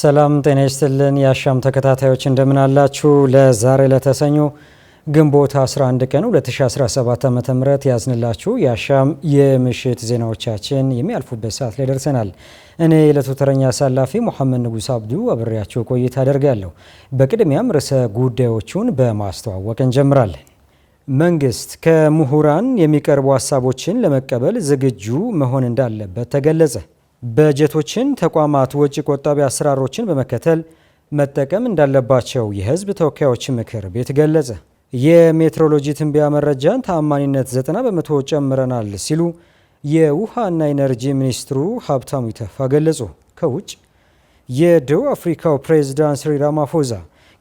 ሰላም ጤና ይስጥልን። የአሻም ተከታታዮች እንደምን አላችሁ? ለዛሬ ለተሰኙ ግንቦት 11 ቀን 2017 ዓ.ም ያዝንላችሁ የአሻም የምሽት ዜናዎቻችን የሚያልፉበት ሰዓት ላይ ደርሰናል። እኔ የዕለቱ ተረኛ አሳላፊ ሙሐመድ ንጉስ አብዱ አብሬያችሁ ቆይታ አደርጋለሁ። በቅድሚያም ርዕሰ ጉዳዮቹን በማስተዋወቅ እንጀምራለን። መንግስት ከምሁራን የሚቀርቡ ሀሳቦችን ለመቀበል ዝግጁ መሆን እንዳለበት ተገለጸ። በጀቶችን ተቋማት ወጪ ቆጣቢ አሰራሮችን በመከተል መጠቀም እንዳለባቸው የህዝብ ተወካዮች ምክር ቤት ገለጸ። የሜትሮሎጂ ትንበያ መረጃን ተአማኒነት 90 በመቶ ጨምረናል ሲሉ የውሃና ኢነርጂ ሚኒስትሩ ሀብታሙ ይተፋ ገለጹ። ከውጭ የደቡብ አፍሪካው ፕሬዝዳንት ሲሪል ራማፎዛ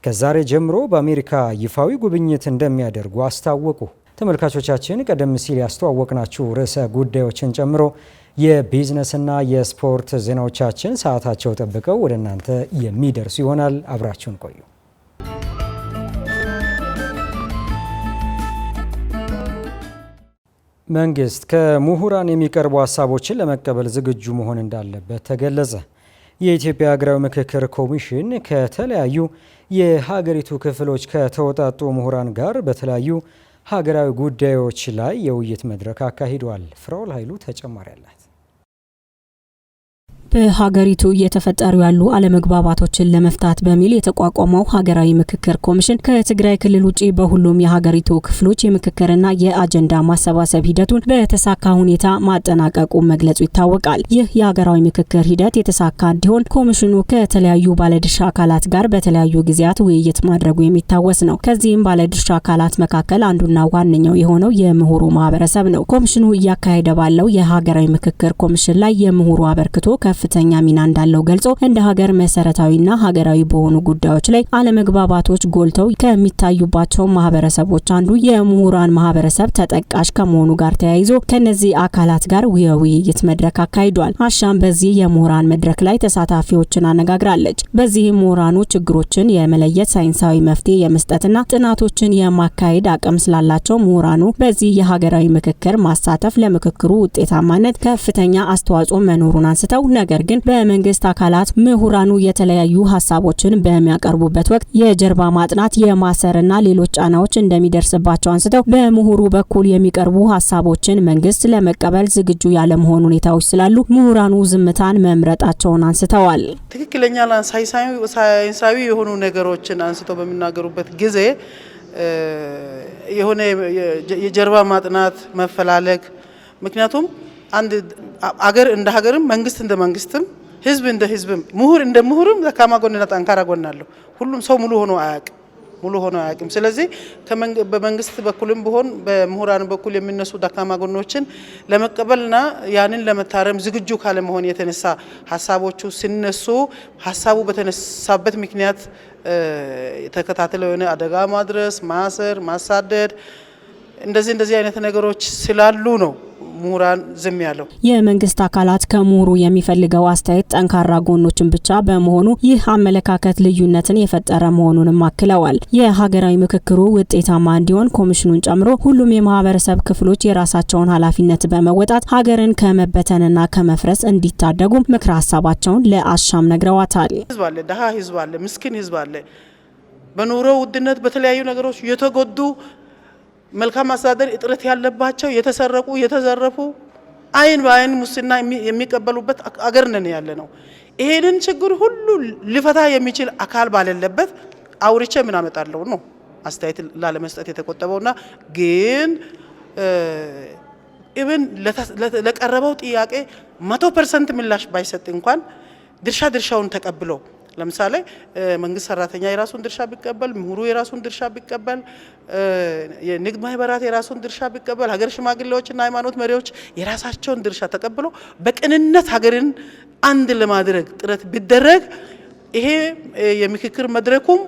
ከዛሬ ጀምሮ በአሜሪካ ይፋዊ ጉብኝት እንደሚያደርጉ አስታወቁ። ተመልካቾቻችን ቀደም ሲል ያስተዋወቅናችሁ ርዕሰ ጉዳዮችን ጨምሮ የቢዝነስና የስፖርት ዜናዎቻችን ሰዓታቸው ጠብቀው ወደ እናንተ የሚደርሱ ይሆናል። አብራችሁን ቆዩ። መንግስት ከምሁራን የሚቀርቡ ሀሳቦችን ለመቀበል ዝግጁ መሆን እንዳለበት ተገለጸ። የኢትዮጵያ ሀገራዊ ምክክር ኮሚሽን ከተለያዩ የሀገሪቱ ክፍሎች ከተወጣጡ ምሁራን ጋር በተለያዩ ሀገራዊ ጉዳዮች ላይ የውይይት መድረክ አካሂዷል። ፍራውል ኃይሉ ተጨማሪ አላት። በሀገሪቱ እየተፈጠሩ ያሉ አለመግባባቶችን ለመፍታት በሚል የተቋቋመው ሀገራዊ ምክክር ኮሚሽን ከትግራይ ክልል ውጭ በሁሉም የሀገሪቱ ክፍሎች የምክክርና የአጀንዳ ማሰባሰብ ሂደቱን በተሳካ ሁኔታ ማጠናቀቁ መግለጹ ይታወቃል። ይህ የሀገራዊ ምክክር ሂደት የተሳካ እንዲሆን ኮሚሽኑ ከተለያዩ ባለድርሻ አካላት ጋር በተለያዩ ጊዜያት ውይይት ማድረጉ የሚታወስ ነው። ከዚህም ባለድርሻ አካላት መካከል አንዱና ዋነኛው የሆነው የምሁሩ ማህበረሰብ ነው። ኮሚሽኑ እያካሄደ ባለው የሀገራዊ ምክክር ኮሚሽን ላይ የምሁሩ አበርክቶ ከፍ ከፍተኛ ሚና እንዳለው ገልጾ እንደ ሀገር መሰረታዊና ሀገራዊ በሆኑ ጉዳዮች ላይ አለመግባባቶች ጎልተው ከሚታዩባቸው ማህበረሰቦች አንዱ የምሁራን ማህበረሰብ ተጠቃሽ ከመሆኑ ጋር ተያይዞ ከነዚህ አካላት ጋር የውይይት መድረክ አካሂዷል። አሻም በዚህ የምሁራን መድረክ ላይ ተሳታፊዎችን አነጋግራለች። በዚህም ምሁራኑ ችግሮችን የመለየት ሳይንሳዊ መፍትሄ የመስጠትና ጥናቶችን የማካሄድ አቅም ስላላቸው ምሁራኑ በዚህ የሀገራዊ ምክክር ማሳተፍ ለምክክሩ ውጤታማነት ከፍተኛ አስተዋጽኦ መኖሩን አንስተው ነገ ነገር ግን በመንግስት አካላት ምሁራኑ የተለያዩ ሀሳቦችን በሚያቀርቡበት ወቅት የጀርባ ማጥናት የማሰርና ሌሎች ጫናዎች እንደሚደርስባቸው አንስተው በምሁሩ በኩል የሚቀርቡ ሀሳቦችን መንግስት ለመቀበል ዝግጁ ያለመሆኑ ሁኔታዎች ስላሉ ምሁራኑ ዝምታን መምረጣቸውን አንስተዋል። ትክክለኛ ሳይንሳዊ የሆኑ ነገሮችን አንስተው በሚናገሩበት ጊዜ የሆነ የጀርባ ማጥናት መፈላለግ ምክንያቱም አንድ አገር እንደ ሀገርም መንግስት እንደ መንግስትም ህዝብ እንደ ህዝብም ምሁር እንደ ምሁርም ደካማ ጎንና ጠንካራ ጎን አለው። ሁሉም ሰው ሙሉ ሆኖ አያውቅም ሙሉ ሆኖ አያውቅም። ስለዚህ በመንግስት በኩልም ቢሆን በምሁራን በኩል የሚነሱ ደካማ ጎኖችን ለመቀበልና ያንን ለመታረም ዝግጁ ካለመሆን የተነሳ ሀሳቦቹ ሲነሱ ሀሳቡ በተነሳበት ምክንያት ተከታትለው የሆነ አደጋ ማድረስ፣ ማሰር፣ ማሳደድ እንደዚህ እንደዚህ አይነት ነገሮች ስላሉ ነው ምሁራን ዝም ያለው። የመንግስት አካላት ከምሁሩ የሚፈልገው አስተያየት ጠንካራ ጎኖችን ብቻ በመሆኑ ይህ አመለካከት ልዩነትን የፈጠረ መሆኑንም አክለዋል። የሀገራዊ ምክክሩ ውጤታማ እንዲሆን ኮሚሽኑን ጨምሮ ሁሉም የማህበረሰብ ክፍሎች የራሳቸውን ኃላፊነት በመወጣት ሀገርን ከመበተንና ከመፍረስ እንዲታደጉ ምክረ ሀሳባቸውን ለአሻም ነግረዋታል። ህዝብ አለ፣ ድሀ ህዝብ አለ፣ ምስኪን ህዝብ አለ። በኑሮ ውድነት በተለያዩ ነገሮች የተጎዱ መልካም አስተዳደር እጥረት ያለባቸው የተሰረቁ የተዘረፉ አይን በአይን ሙስና የሚቀበሉበት አገር ነን ያለ ነው። ይሄንን ችግር ሁሉ ሊፈታ የሚችል አካል ባለለበት አውርቼ ምን አመጣለሁ ነው አስተያየት ላለመስጠት የተቆጠበውና ግን ኢብን ለቀረበው ጥያቄ መቶ ፐርሰንት ምላሽ ባይሰጥ እንኳን ድርሻ ድርሻውን ተቀብሎ ለምሳሌ መንግስት ሰራተኛ የራሱን ድርሻ ቢቀበል፣ ምሁሩ የራሱን ድርሻ ቢቀበል፣ የንግድ ማህበራት የራሱን ድርሻ ቢቀበል፣ ሀገር ሽማግሌዎችና ሃይማኖት መሪዎች የራሳቸውን ድርሻ ተቀብሎ በቅንነት ሀገርን አንድ ለማድረግ ጥረት ቢደረግ ይሄ የምክክር መድረኩም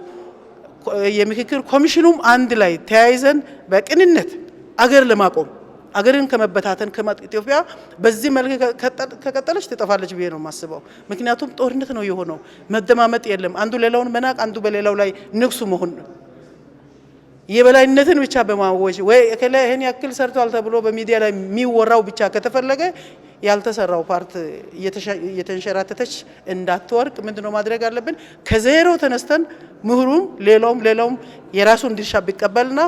የምክክር ኮሚሽኑም አንድ ላይ ተያይዘን በቅንነት አገር ለማቆም አገርን ከመበታተን ኢትዮጵያ በዚህ መልክ ከቀጠለች ትጠፋለች ብዬ ነው የማስበው። ምክንያቱም ጦርነት ነው የሆነው፣ መደማመጥ የለም። አንዱ ሌላውን መናቅ፣ አንዱ በሌላው ላይ ንግሱ መሆን የበላይነትን ብቻ በማወጅ ወይ እከለ ይህን ያክል ሰርቷል ተብሎ በሚዲያ ላይ የሚወራው ብቻ ከተፈለገ ያልተሰራው ፓርት እየተንሸራተተች እንዳትወርቅ ምንድነው ማድረግ አለብን? ከዜሮ ተነስተን ምሁሩም ሌላውም ሌላውም የራሱን ድርሻ ቢቀበልና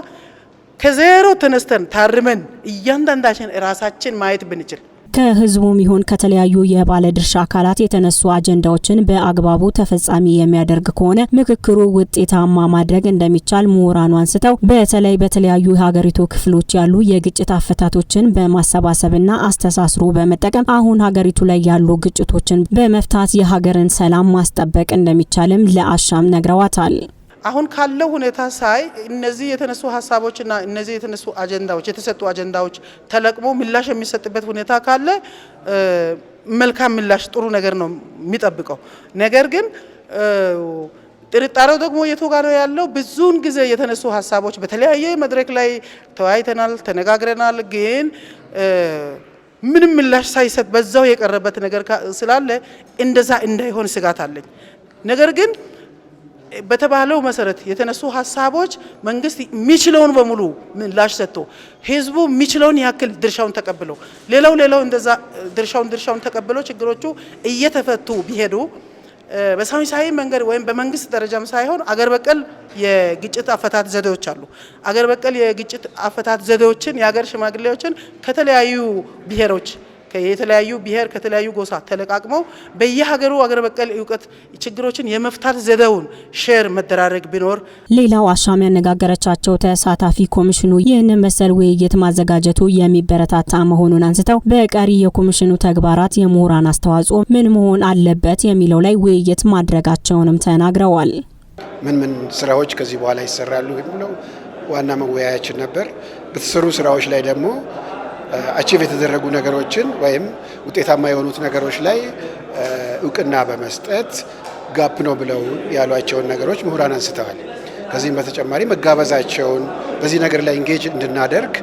ከዜሮ ተነስተን ታርመን እያንዳንዳችን ራሳችን ማየት ብንችል ከህዝቡም ይሁን ከተለያዩ የባለድርሻ አካላት የተነሱ አጀንዳዎችን በአግባቡ ተፈጻሚ የሚያደርግ ከሆነ ምክክሩ ውጤታማ ማድረግ እንደሚቻል ምሁራኑ አንስተው በተለይ በተለያዩ የሀገሪቱ ክፍሎች ያሉ የግጭት አፈታቶችን በማሰባሰብና አስተሳስሮ በመጠቀም አሁን ሀገሪቱ ላይ ያሉ ግጭቶችን በመፍታት የሀገርን ሰላም ማስጠበቅ እንደሚቻልም ለአሻም ነግረዋታል። አሁን ካለው ሁኔታ ሳይ እነዚህ የተነሱ ሀሳቦች እና እነዚህ የተነሱ አጀንዳዎች የተሰጡ አጀንዳዎች ተለቅሞ ምላሽ የሚሰጥበት ሁኔታ ካለ መልካም ምላሽ፣ ጥሩ ነገር ነው የሚጠብቀው። ነገር ግን ጥርጣሬው ደግሞ የቱ ነው ያለው? ብዙውን ጊዜ የተነሱ ሀሳቦች በተለያየ መድረክ ላይ ተወያይተናል፣ ተነጋግረናል ግን ምንም ምላሽ ሳይሰጥ በዛው የቀረበት ነገር ስላለ እንደዛ እንዳይሆን ስጋት አለኝ። ነገር ግን በተባለው መሰረት የተነሱ ሀሳቦች መንግስት የሚችለውን በሙሉ ምላሽ ሰጥቶ ህዝቡ የሚችለውን ያክል ድርሻውን ተቀብሎ ሌላው ሌላው እንደዛ ድርሻውን ድርሻውን ተቀብሎ ችግሮቹ እየተፈቱ ቢሄዱ በሳይንሳዊ መንገድ ወይም በመንግስት ደረጃም ሳይሆን አገር በቀል የግጭት አፈታት ዘዴዎች አሉ። አገር በቀል የግጭት አፈታት ዘዴዎችን የሀገር ሽማግሌዎችን ከተለያዩ ብሔሮች የተለያዩ ብሔር ከተለያዩ ጎሳ ተለቃቅመው በየሀገሩ አገር በቀል እውቀት ችግሮችን የመፍታት ዘዴውን ሼር መደራረግ ቢኖር። ሌላው አሻም ያነጋገረቻቸው ተሳታፊ ኮሚሽኑ ይህን መሰል ውይይት ማዘጋጀቱ የሚበረታታ መሆኑን አንስተው በቀሪ የኮሚሽኑ ተግባራት የምሁራን አስተዋጽኦ ምን መሆን አለበት የሚለው ላይ ውይይት ማድረጋቸውንም ተናግረዋል። ምን ምን ስራዎች ከዚህ በኋላ ይሰራሉ የሚለው ዋና መወያያችን ነበር። በተሰሩ ስራዎች ላይ ደግሞ አቺቭ የተደረጉ ነገሮችን ወይም ውጤታማ የሆኑት ነገሮች ላይ እውቅና በመስጠት ጋፕ ነው ብለው ያሏቸውን ነገሮች ምሁራን አንስተዋል። ከዚህም በተጨማሪ መጋበዛቸውን በዚህ ነገር ላይ ኢንጌጅ እንድናደርግ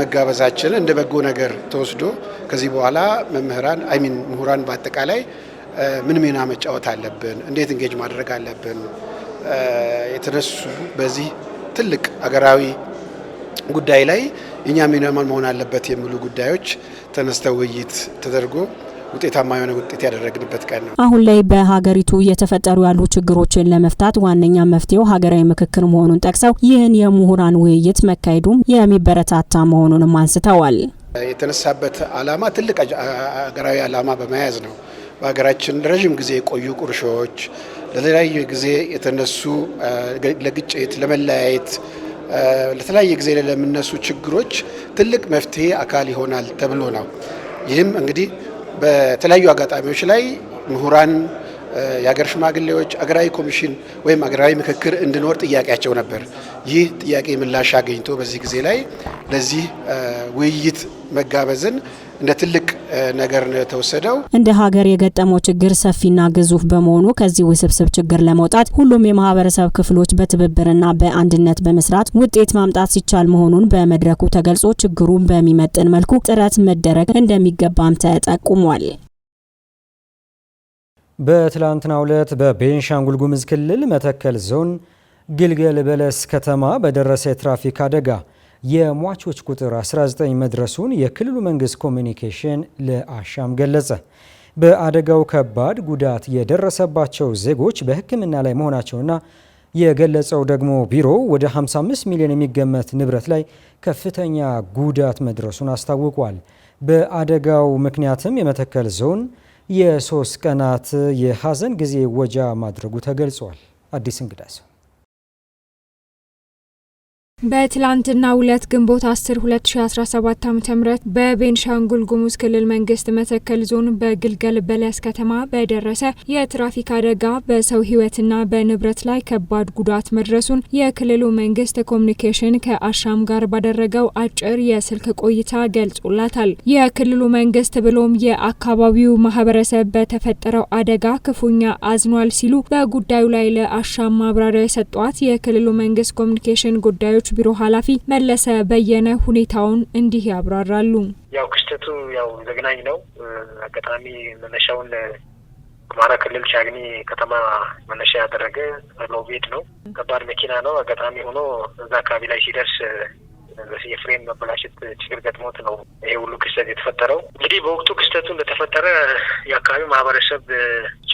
መጋበዛችን እንደ በጎ ነገር ተወስዶ ከዚህ በኋላ መምህራን አይሚን ምሁራን በአጠቃላይ ምን ሚና መጫወት አለብን፣ እንዴት ኢንጌጅ ማድረግ አለብን የተነሱ በዚህ ትልቅ አገራዊ ጉዳይ ላይ እኛ ሚኒማል መሆን አለበት የሚሉ ጉዳዮች ተነስተው ውይይት ተደርጎ ውጤታማ የሆነ ውጤት ያደረግንበት ቀን ነው። አሁን ላይ በሀገሪቱ እየተፈጠሩ ያሉ ችግሮችን ለመፍታት ዋነኛ መፍትሄው ሀገራዊ ምክክር መሆኑን ጠቅሰው ይህን የምሁራን ውይይት መካሄዱም የሚበረታታ መሆኑንም አንስተዋል። የተነሳበት ዓላማ ትልቅ ሀገራዊ ዓላማ በመያዝ ነው። በሀገራችን ረዥም ጊዜ የቆዩ ቁርሾዎች፣ ለተለያዩ ጊዜ የተነሱ ለግጭት፣ ለመለያየት ለተለያየ ጊዜ ለሚነሱ ችግሮች ትልቅ መፍትሄ አካል ይሆናል ተብሎ ነው። ይህም እንግዲህ በተለያዩ አጋጣሚዎች ላይ ምሁራን፣ የሀገር ሽማግሌዎች አገራዊ ኮሚሽን ወይም አገራዊ ምክክር እንዲኖር ጥያቄያቸው ነበር። ይህ ጥያቄ ምላሽ አገኝቶ በዚህ ጊዜ ላይ ለዚህ ውይይት መጋበዝን እንደ ትልቅ ነገር ነው የተወሰደው። እንደ ሀገር የገጠመው ችግር ሰፊና ግዙፍ በመሆኑ ከዚህ ውስብስብ ችግር ለመውጣት ሁሉም የማህበረሰብ ክፍሎች በትብብርና በአንድነት በመስራት ውጤት ማምጣት ሲቻል መሆኑን በመድረኩ ተገልጾ ችግሩን በሚመጥን መልኩ ጥረት መደረግ እንደሚገባም ተጠቁሟል። በትላንትናው ዕለት በቤንሻንጉል ጉሙዝ ክልል መተከል ዞን ግልገል በለስ ከተማ በደረሰ የትራፊክ አደጋ የሟቾች ቁጥር 19 መድረሱን የክልሉ መንግስት ኮሚኒኬሽን ለአሻም ገለጸ። በአደጋው ከባድ ጉዳት የደረሰባቸው ዜጎች በሕክምና ላይ መሆናቸውና የገለጸው ደግሞ ቢሮው ወደ 55 ሚሊዮን የሚገመት ንብረት ላይ ከፍተኛ ጉዳት መድረሱን አስታውቋል። በአደጋው ምክንያትም የመተከል ዞን የሶስት ቀናት የሀዘን ጊዜ ወጃ ማድረጉ ተገልጿል። አዲስ እንግዳሰው በትላንትና ሁለት ግንቦት 10 2017 ዓ በቤንሻንጉል ጉሙዝ ክልል መንግስት መተከል ዞን በግልገል በለስ ከተማ በደረሰ የትራፊክ አደጋ በሰው ህይወትና በንብረት ላይ ከባድ ጉዳት መድረሱን የክልሉ መንግስት ኮሚኒኬሽን ከአሻም ጋር ባደረገው አጭር የስልክ ቆይታ ገልጾላታል። የክልሉ መንግስት ብሎም የአካባቢው ማህበረሰብ በተፈጠረው አደጋ ክፉኛ አዝኗል ሲሉ በጉዳዩ ላይ ለአሻም ማብራሪያ የሰጧት የክልሉ መንግስት ኮሚኒኬሽን ጉዳዮች ጉዳዮች ቢሮ ኃላፊ መለሰ በየነ ሁኔታውን እንዲህ ያብራራሉ። ያው ክስተቱ ያው ዘግናኝ ነው። አጋጣሚ መነሻውን አማራ ክልል ቻግኒ ከተማ መነሻ ያደረገ ሎቤድ ቤድ ነው። ከባድ መኪና ነው። አጋጣሚ ሆኖ እዛ አካባቢ ላይ ሲደርስ የፍሬም መበላሸት ችግር ገጥሞት ነው ይሄ ሁሉ ክስተት የተፈጠረው። እንግዲህ በወቅቱ ክስተቱ እንደተፈጠረ የአካባቢው ማህበረሰብ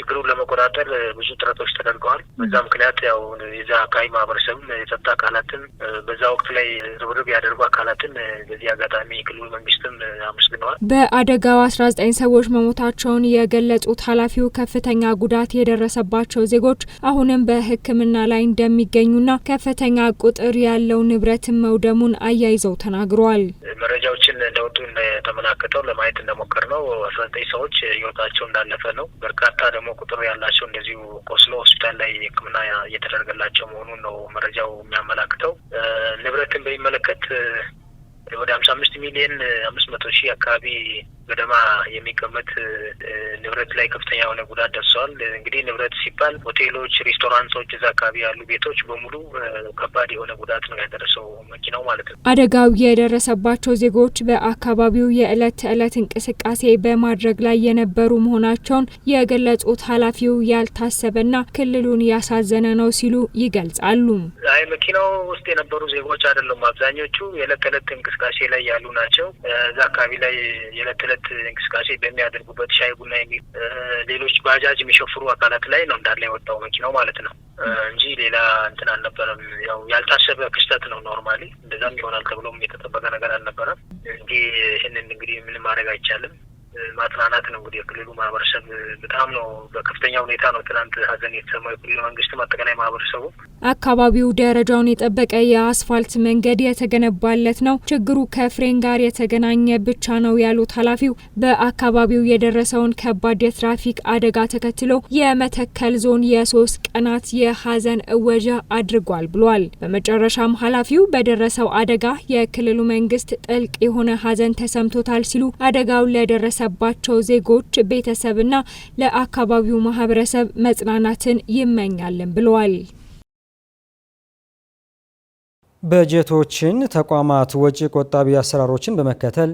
ችግሩን ለመቆጣጠር ብዙ ጥረቶች ተደርገዋል። በዛ ምክንያት ያው የዛ አካባቢ ማህበረሰብም የጸጥታ አካላትን በዛ ወቅት ላይ ርብርብ ያደርጉ አካላትን በዚህ አጋጣሚ ክልሉ መንግስትም አመስግነዋል። በአደጋው አስራ ዘጠኝ ሰዎች መሞታቸውን የገለጹት ኃላፊው ከፍተኛ ጉዳት የደረሰባቸው ዜጎች አሁንም በሕክምና ላይ እንደሚገኙና ከፍተኛ ቁጥር ያለው ንብረትን መውደሙን አያይዘው ተናግረዋል። መረጃዎችን እንደወጡ እንደተመላከተው ለማየት እንደሞከር ነው አስራ ዘጠኝ ሰዎች ህይወታቸው እንዳለፈ ነው። በርካታ ደግሞ ቁጥሩ ያላቸው እንደዚሁ ቆስሎ ሆስፒታል ላይ ሕክምና እየተደረገላቸው መሆኑን ነው መረጃው የሚያመላክተው። ንብረትን በሚመለከት ወደ ሀምሳ አምስት ሚሊየን አምስት መቶ ሺህ አካባቢ ገደማ የሚቀመጥ ንብረት ላይ ከፍተኛ የሆነ ጉዳት ደርሰዋል። እንግዲህ ንብረት ሲባል ሆቴሎች፣ ሬስቶራንቶች፣ እዛ አካባቢ ያሉ ቤቶች በሙሉ ከባድ የሆነ ጉዳት ነው ያደረሰው መኪናው ማለት ነው። አደጋው የደረሰባቸው ዜጎች በአካባቢው የእለት ተዕለት እንቅስቃሴ በማድረግ ላይ የነበሩ መሆናቸውን የገለጹት ኃላፊው ያልታሰበና ክልሉን ያሳዘነ ነው ሲሉ ይገልጻሉ። አይ መኪናው ውስጥ የነበሩ ዜጎች አይደለም አብዛኞቹ የእለት ተዕለት እንቅስቃሴ ላይ ያሉ ናቸው። እዛ አካባቢ ላይ የዕለት የዕለት እንቅስቃሴ በሚያደርጉበት ሻይ ቡና የሚ ሌሎች ባጃጅ የሚሸፍሩ አካላት ላይ ነው እንዳለ የወጣው መኪናው ማለት ነው እንጂ ሌላ እንትን አልነበረም። ያው ያልታሰበ ክስተት ነው። ኖርማሊ እንደዛም ይሆናል ተብሎም የተጠበቀ ነገር አልነበረም። እንግዲህ ይህንን እንግዲህ ምንም ማድረግ አይቻልም። ማጽናናት ነው። እንግዲህ የክልሉ ማህበረሰብ በጣም ነው በከፍተኛ ሁኔታ ነው ትናንት ሀዘን የተሰማው የክልሉ መንግስትም አጠቃላይ ማህበረሰቡ። አካባቢው ደረጃውን የጠበቀ የአስፋልት መንገድ የተገነባለት ነው፣ ችግሩ ከፍሬን ጋር የተገናኘ ብቻ ነው ያሉት ኃላፊው በአካባቢው የደረሰውን ከባድ የትራፊክ አደጋ ተከትሎ የመተከል ዞን የሶስት ቀናት የሀዘን እወጃ አድርጓል ብሏል። በመጨረሻም ኃላፊው በደረሰው አደጋ የክልሉ መንግስት ጥልቅ የሆነ ሀዘን ተሰምቶታል ሲሉ አደጋውን ለደረሰ ለደረሰባቸው ዜጎች ቤተሰብና ለአካባቢው ማህበረሰብ መጽናናትን ይመኛልን ብለዋል። በጀቶችን ተቋማት ወጪ ቆጣቢ አሰራሮችን በመከተል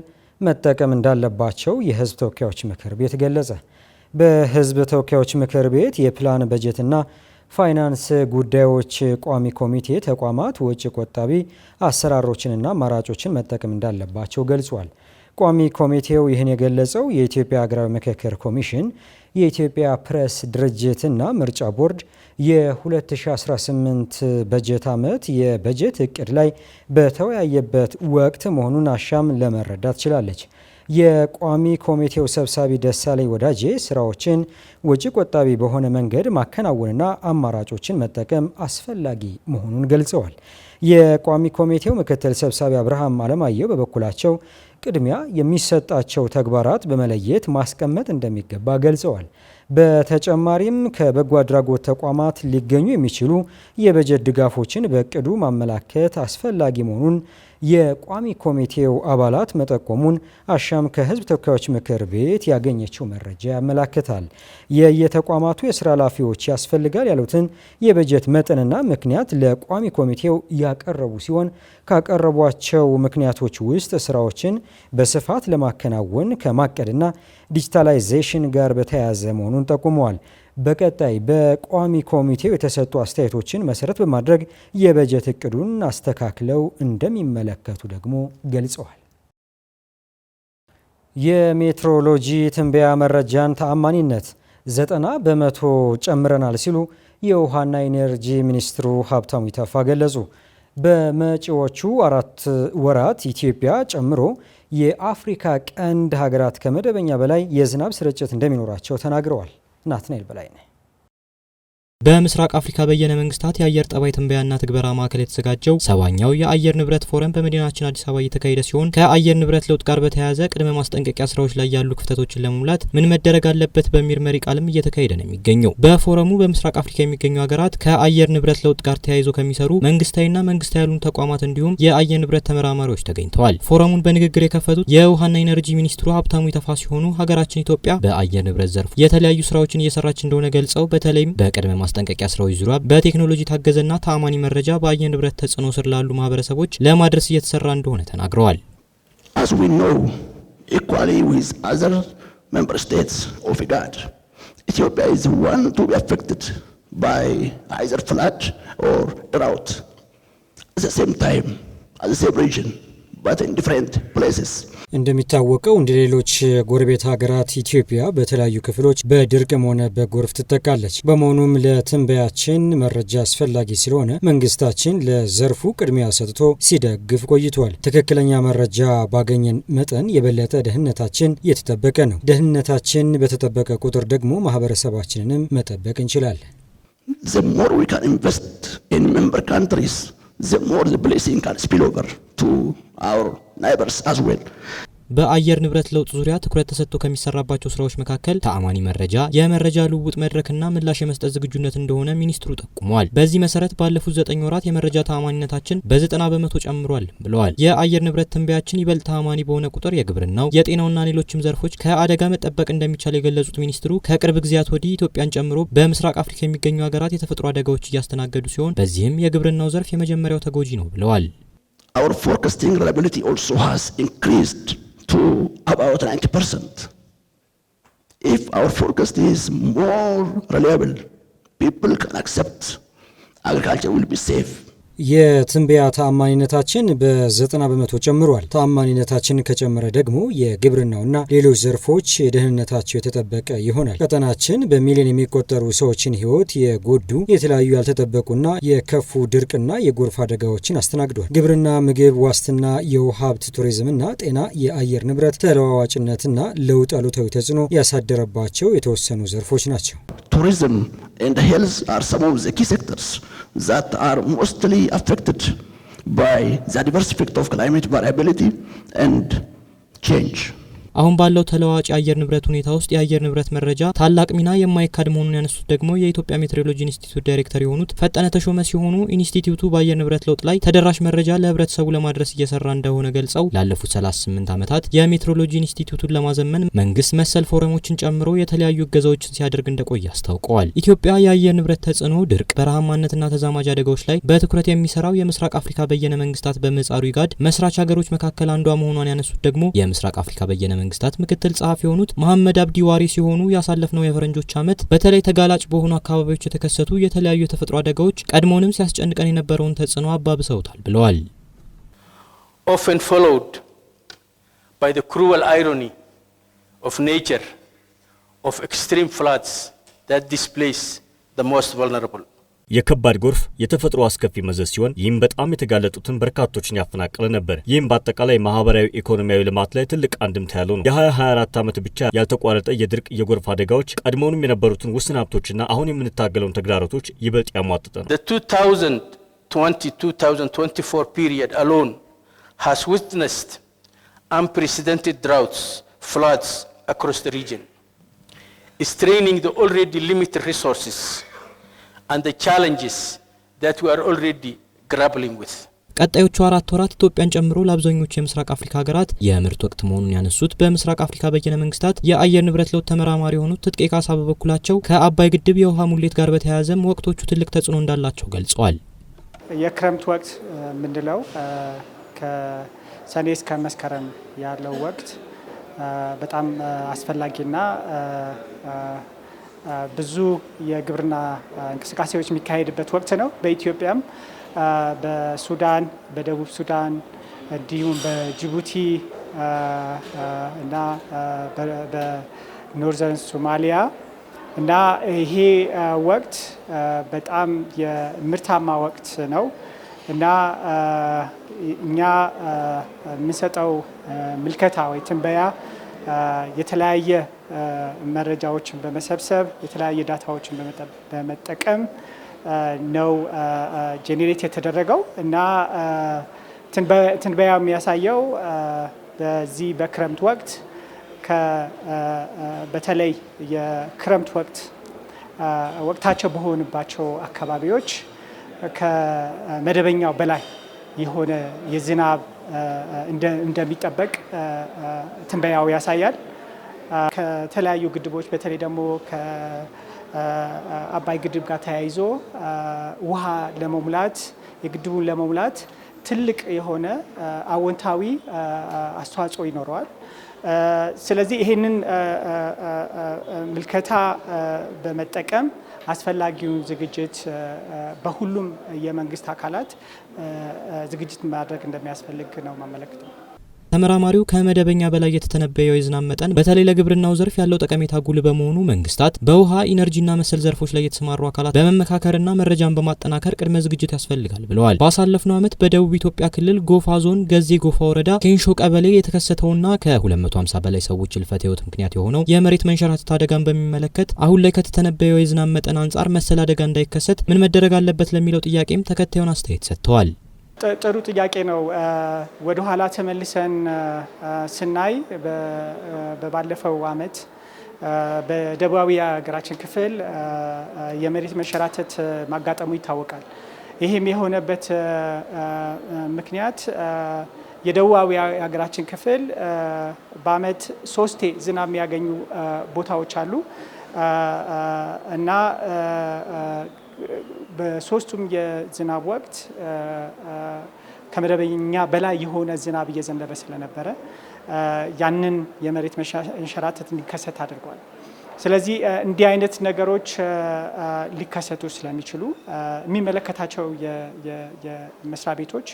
መጠቀም እንዳለባቸው የህዝብ ተወካዮች ምክር ቤት ገለጸ። በህዝብ ተወካዮች ምክር ቤት የፕላን በጀትና ፋይናንስ ጉዳዮች ቋሚ ኮሚቴ ተቋማት ወጪ ቆጣቢ አሰራሮችንና አማራጮችን መጠቀም እንዳለባቸው ገልጿል። ቋሚ ኮሚቴው ይህን የገለጸው የኢትዮጵያ ሀገራዊ ምክክር ኮሚሽን የኢትዮጵያ ፕሬስ ድርጅትና ምርጫ ቦርድ የ2018 በጀት ዓመት የበጀት እቅድ ላይ በተወያየበት ወቅት መሆኑን አሻም ለመረዳት ችላለች። የቋሚ ኮሚቴው ሰብሳቢ ደሳለኝ ወዳጄ ስራዎችን ወጪ ቆጣቢ በሆነ መንገድ ማከናወንና አማራጮችን መጠቀም አስፈላጊ መሆኑን ገልጸዋል። የቋሚ ኮሚቴው ምክትል ሰብሳቢ አብርሃም አለማየሁ በበኩላቸው ቅድሚያ የሚሰጣቸው ተግባራት በመለየት ማስቀመጥ እንደሚገባ ገልጸዋል። በተጨማሪም ከበጎ አድራጎት ተቋማት ሊገኙ የሚችሉ የበጀት ድጋፎችን በእቅዱ ማመላከት አስፈላጊ መሆኑን የቋሚ ኮሚቴው አባላት መጠቆሙን አሻም ከህዝብ ተወካዮች ምክር ቤት ያገኘችው መረጃ ያመላክታል። የየተቋማቱ የስራ ኃላፊዎች ያስፈልጋል ያሉትን የበጀት መጠንና ምክንያት ለቋሚ ኮሚቴው ያቀረቡ ሲሆን ካቀረቧቸው ምክንያቶች ውስጥ ስራዎችን በስፋት ለማከናወን ከማቀድና ዲጂታላይዜሽን ጋር በተያያዘ መሆኑን ጠቁመዋል። በቀጣይ በቋሚ ኮሚቴው የተሰጡ አስተያየቶችን መሰረት በማድረግ የበጀት እቅዱን አስተካክለው እንደሚመለከቱ ደግሞ ገልጸዋል። የሜትሮሎጂ ትንበያ መረጃን ተአማኒነት ዘጠና በመቶ ጨምረናል ሲሉ የውሃና ኢነርጂ ሚኒስትሩ ሀብታሙ ኢተፋ ገለጹ። በመጪዎቹ አራት ወራት ኢትዮጵያ ጨምሮ የአፍሪካ ቀንድ ሀገራት ከመደበኛ በላይ የዝናብ ስርጭት እንደሚኖራቸው ተናግረዋል። ناتنيل بلايني በምስራቅ አፍሪካ በየነ መንግስታት የአየር ጠባይ ትንበያና ትግበራ ማዕከል የተዘጋጀው ሰባኛው የአየር ንብረት ፎረም በመዲናችን አዲስ አበባ እየተካሄደ ሲሆን ከአየር ንብረት ለውጥ ጋር በተያያዘ ቅድመ ማስጠንቀቂያ ስራዎች ላይ ያሉ ክፍተቶችን ለመሙላት ምን መደረግ አለበት በሚል መሪ ቃልም እየተካሄደ ነው የሚገኘው። በፎረሙ በምስራቅ አፍሪካ የሚገኙ ሀገራት ከአየር ንብረት ለውጥ ጋር ተያይዞ ከሚሰሩ መንግስታዊና መንግስታዊ ያሉን ተቋማት እንዲሁም የአየር ንብረት ተመራማሪዎች ተገኝተዋል። ፎረሙን በንግግር የከፈቱት የውሃና ኢነርጂ ሚኒስትሩ ሀብታሙ ይተፋ ሲሆኑ ሀገራችን ኢትዮጵያ በአየር ንብረት ዘርፍ የተለያዩ ስራዎችን እየሰራች እንደሆነ ገልጸው በተለይም በቅድመ ማስጠንቀቂያ ስራዎች ዙሪያ በቴክኖሎጂ ታገዘና ታማኒ መረጃ በአየር ንብረት ተጽዕኖ ስር ላሉ ማህበረሰቦች ለማድረስ እየተሰራ እንደሆነ ተናግረዋል። አስ ኖው ኢኳሊ ዊዝ አዘር ሜምበር ስቴትስ ኦፍ ኢጋድ ኢዝ ዋን ቱ ቢ ባይ አይዘር ፍላድ ኦር ድራውት አት ታይም አት ሪጅን በት ፕሌስስ እንደሚታወቀው እንደ ሌሎች ጎረቤት ሀገራት ኢትዮጵያ በተለያዩ ክፍሎች በድርቅም ሆነ በጎርፍ ትጠቃለች። በመሆኑም ለትንበያችን መረጃ አስፈላጊ ስለሆነ መንግስታችን ለዘርፉ ቅድሚያ ሰጥቶ ሲደግፍ ቆይቷል። ትክክለኛ መረጃ ባገኘን መጠን የበለጠ ደህንነታችን እየተጠበቀ ነው። ደህንነታችን በተጠበቀ ቁጥር ደግሞ ማህበረሰባችንንም መጠበቅ እንችላለን። ዘ ሞር ዊ ካን ኢንቨስት ኢን ሜምበር ካንትሪስ ዘ ሞር ዘ ብሌሲንግ ካን ስፒል ኦቨር ቱ ናይበርስ አዝዌል በአየር ንብረት ለውጥ ዙሪያ ትኩረት ተሰጥቶ ከሚሰራባቸው ስራዎች መካከል ተአማኒ መረጃ፣ የመረጃ ልውውጥ መድረክና ምላሽ የመስጠት ዝግጁነት እንደሆነ ሚኒስትሩ ጠቁመዋል። በዚህ መሰረት ባለፉት ዘጠኝ ወራት የመረጃ ተአማኒነታችን በዘጠና በመቶ ጨምሯል ብለዋል። የአየር ንብረት ትንበያችን ይበልጥ ተአማኒ በሆነ ቁጥር የግብርናው፣ የጤናውና ሌሎችም ዘርፎች ከአደጋ መጠበቅ እንደሚቻል የገለጹት ሚኒስትሩ ከቅርብ ጊዜያት ወዲህ ኢትዮጵያን ጨምሮ በምስራቅ አፍሪካ የሚገኙ ሀገራት የተፈጥሮ አደጋዎች እያስተናገዱ ሲሆን በዚህም የግብርናው ዘርፍ የመጀመሪያው ተጎጂ ነው ብለዋል። our forecasting reliability also has increased to about 90%. If our forecast is more reliable, people can accept agriculture will be safe. የትንበያ ተአማኒነታችን በዘጠና በመቶ ጨምሯል። ተአማኒነታችን ከጨመረ ደግሞ የግብርናውና ሌሎች ዘርፎች ደህንነታቸው የተጠበቀ ይሆናል። ቀጠናችን በሚሊዮን የሚቆጠሩ ሰዎችን ሕይወት የጎዱ የተለያዩ ያልተጠበቁና የከፉ ድርቅና የጎርፍ አደጋዎችን አስተናግዷል። ግብርና፣ ምግብ ዋስትና፣ የውሃ ሀብት፣ ቱሪዝምና ጤና የአየር ንብረት ተለዋዋጭነትና ለውጥ አሉታዊ ተጽዕኖ ያሳደረባቸው የተወሰኑ ዘርፎች ናቸው። ቱሪዝም and health are some of the key sectors that are mostly affected by the adverse effect of climate variability and change. አሁን ባለው ተለዋዋጭ የአየር ንብረት ሁኔታ ውስጥ የአየር ንብረት መረጃ ታላቅ ሚና የማይካድ መሆኑን ያነሱት ደግሞ የኢትዮጵያ ሜትሮሎጂ ኢንስቲትዩት ዳይሬክተር የሆኑት ፈጠነ ተሾመ ሲሆኑ ኢንስቲትዩቱ በአየር ንብረት ለውጥ ላይ ተደራሽ መረጃ ለህብረተሰቡ ለማድረስ እየሰራ እንደሆነ ገልጸው ላለፉት 38 ዓመታት የሜትሮሎጂ ኢንስቲትዩቱን ለማዘመን መንግስት መሰል ፎረሞችን ጨምሮ የተለያዩ እገዛዎችን ሲያደርግ እንደቆየ አስታውቀዋል። ኢትዮጵያ የአየር ንብረት ተጽዕኖ፣ ድርቅ፣ በረሃማነትና ተዛማጅ አደጋዎች ላይ በትኩረት የሚሰራው የምስራቅ አፍሪካ በየነ መንግስታት በምህጻሩ ኢጋድ መስራች ሀገሮች መካከል አንዷ መሆኗን ያነሱት ደግሞ የምስራቅ አፍሪካ በየነ መንግስታት ምክትል ጸሐፊ የሆኑት መሐመድ አብዲ ዋሪ ሲሆኑ ያሳለፍነው የፈረንጆች ዓመት በተለይ ተጋላጭ በሆኑ አካባቢዎች የተከሰቱ የተለያዩ የተፈጥሮ አደጋዎች ቀድሞንም ሲያስጨንቀን የነበረውን ተጽዕኖ አባብሰውታል ብለዋል። ኦፍን followed ባይ the cruel irony of nature of extreme floods that displace የከባድ ጎርፍ የተፈጥሮ አስከፊ መዘዝ ሲሆን ይህም በጣም የተጋለጡትን በርካቶችን ያፈናቀለ ነበር። ይህም በአጠቃላይ ማህበራዊ፣ ኢኮኖሚያዊ ልማት ላይ ትልቅ አንድምታ ያለው ነው። የ2024 ዓመት ብቻ ያልተቋረጠ የድርቅ የጎርፍ አደጋዎች ቀድሞውንም የነበሩትን ውስን ሀብቶችና አሁን የምንታገለውን ተግዳሮቶች ይበልጥ ያሟጥጠ ነው። 2024 period alone has witnessed unprecedented droughts, floods across the region, straining the already limited resources and the challenges that we are already grappling with. ቀጣዮቹ አራት ወራት ኢትዮጵያን ጨምሮ ለአብዛኞቹ የምስራቅ አፍሪካ ሀገራት የምርት ወቅት መሆኑን ያነሱት በምስራቅ አፍሪካ በይነ መንግስታት የአየር ንብረት ለውጥ ተመራማሪ የሆኑት ትጥቄ ካሳ በበኩላቸው ከአባይ ግድብ የውሃ ሙሌት ጋር በተያያዘም ወቅቶቹ ትልቅ ተጽዕኖ እንዳላቸው ገልጸዋል። የክረምት ወቅት የምንለው ከሰኔ እስከ መስከረም ያለው ወቅት በጣም አስፈላጊና ብዙ የግብርና እንቅስቃሴዎች የሚካሄድበት ወቅት ነው። በኢትዮጵያም በሱዳን፣ በደቡብ ሱዳን እንዲሁም በጅቡቲ እና በኖርዘርን ሶማሊያ እና ይሄ ወቅት በጣም የምርታማ ወቅት ነው እና እኛ የምንሰጠው ምልከታ ወይ ትንበያ የተለያየ መረጃዎችን በመሰብሰብ የተለያየ ዳታዎችን በመጠቀም ነው ጄኔሬት የተደረገው እና ትንበያ የሚያሳየው በዚህ በክረምት ወቅት በተለይ የክረምት ወቅት ወቅታቸው በሆኑባቸው አካባቢዎች ከመደበኛው በላይ የሆነ የዝናብ እንደሚጠበቅ ትንበያው ያሳያል። ከተለያዩ ግድቦች በተለይ ደግሞ ከአባይ ግድብ ጋር ተያይዞ ውሃ ለመሙላት የግድቡን ለመሙላት ትልቅ የሆነ አዎንታዊ አስተዋጽኦ ይኖረዋል። ስለዚህ ይሄንን ምልከታ በመጠቀም አስፈላጊውን ዝግጅት በሁሉም የመንግስት አካላት ዝግጅት ማድረግ እንደሚያስፈልግ ነው ማመለክተው። ተመራማሪው ከመደበኛ በላይ የተተነበየው የዝናብ መጠን በተለይ ለግብርናው ዘርፍ ያለው ጠቀሜታ ጉል በመሆኑ መንግስታት በውሃ ኢነርጂና መሰል ዘርፎች ላይ የተሰማሩ አካላት በመመካከርና መረጃን በማጠናከር ቅድመ ዝግጅት ያስፈልጋል ብለዋል። ባሳለፍነው ዓመት በደቡብ ኢትዮጵያ ክልል ጎፋ ዞን ገዜ ጎፋ ወረዳ ኬንሾ ቀበሌ የተከሰተውና ከ250 በላይ ሰዎች እልፈት ህይወት ምክንያት የሆነው የመሬት መንሸራተት አደጋን በሚመለከት አሁን ላይ ከተተነበየው የዝናብ መጠን አንጻር መሰል አደጋ እንዳይከሰት ምን መደረግ አለበት ለሚለው ጥያቄም ተከታዩን አስተያየት ሰጥተዋል። ጥሩ ጥያቄ ነው። ወደ ኋላ ተመልሰን ስናይ በባለፈው አመት በደቡባዊ የሀገራችን ክፍል የመሬት መሸራተት ማጋጠሙ ይታወቃል። ይህም የሆነበት ምክንያት የደቡባዊ የሀገራችን ክፍል በአመት ሶስቴ ዝናብ የሚያገኙ ቦታዎች አሉ እና በሶስቱም የዝናብ ወቅት ከመደበኛ በላይ የሆነ ዝናብ እየዘነበ ስለነበረ ያንን የመሬት መንሸራተት እንዲከሰት አድርጓል። ስለዚህ እንዲህ አይነት ነገሮች ሊከሰቱ ስለሚችሉ የሚመለከታቸው የመስሪያ ቤቶች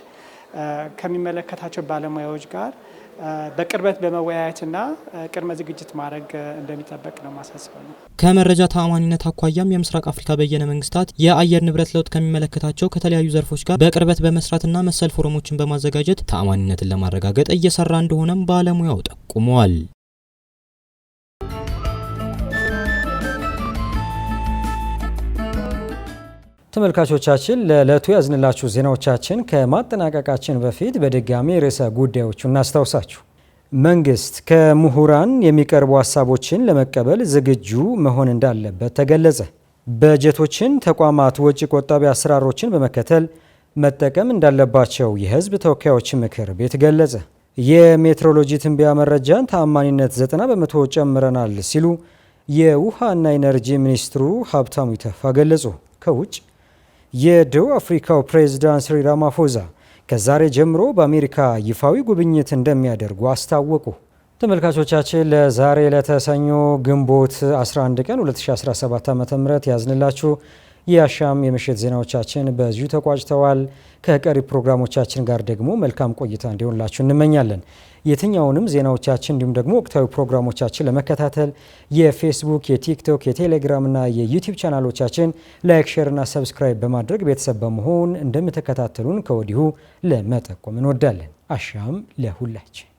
ከሚመለከታቸው ባለሙያዎች ጋር በቅርበት በመወያየትና ቅድመ ዝግጅት ማድረግ እንደሚጠበቅ ነው ማሳስበው ነው። ከመረጃ ተአማኒነት አኳያም የምስራቅ አፍሪካ በየነ መንግስታት የአየር ንብረት ለውጥ ከሚመለከታቸው ከተለያዩ ዘርፎች ጋር በቅርበት በመስራትና መሰል ፎረሞችን በማዘጋጀት ተአማኒነትን ለማረጋገጥ እየሰራ እንደሆነም ባለሙያው ጠቁመዋል። ተመልካቾቻችን ለዕለቱ ያዝንላችሁ ዜናዎቻችን ከማጠናቀቃችን በፊት በድጋሚ ርዕሰ ጉዳዮቹ እናስታውሳችሁ። መንግስት ከምሁራን የሚቀርቡ ሀሳቦችን ለመቀበል ዝግጁ መሆን እንዳለበት ተገለጸ። በጀቶችን ተቋማት ወጪ ቆጣቢ አሰራሮችን በመከተል መጠቀም እንዳለባቸው የህዝብ ተወካዮች ምክር ቤት ገለጸ። የሜትሮሎጂ ትንበያ መረጃን ተአማኒነት 90 በመቶ ጨምረናል ሲሉ የውሃና ኢነርጂ ሚኒስትሩ ሀብታሙ ኢተፋ ገለጹ። ከውጭ የደቡብ አፍሪካው ፕሬዝዳንት ሲሪል ራማፎዛ ከዛሬ ጀምሮ በአሜሪካ ይፋዊ ጉብኝት እንደሚያደርጉ አስታወቁ። ተመልካቾቻችን ለዛሬ ለተሰኞ ግንቦት 11 ቀን 2017 ዓ.ም ያዝንላችሁ የአሻም የምሽት ዜናዎቻችን በዚሁ ተቋጭተዋል። ከቀሪ ፕሮግራሞቻችን ጋር ደግሞ መልካም ቆይታ እንዲሆንላችሁ እንመኛለን። የትኛውንም ዜናዎቻችን እንዲሁም ደግሞ ወቅታዊ ፕሮግራሞቻችን ለመከታተል የፌስቡክ፣ የቲክቶክ፣ የቴሌግራም እና የዩቲዩብ ቻናሎቻችን ላይክ፣ ሼር እና ሰብስክራይብ በማድረግ ቤተሰብ በመሆን እንደምትከታተሉን ከወዲሁ ለመጠቆም እንወዳለን። አሻም ለሁላችን!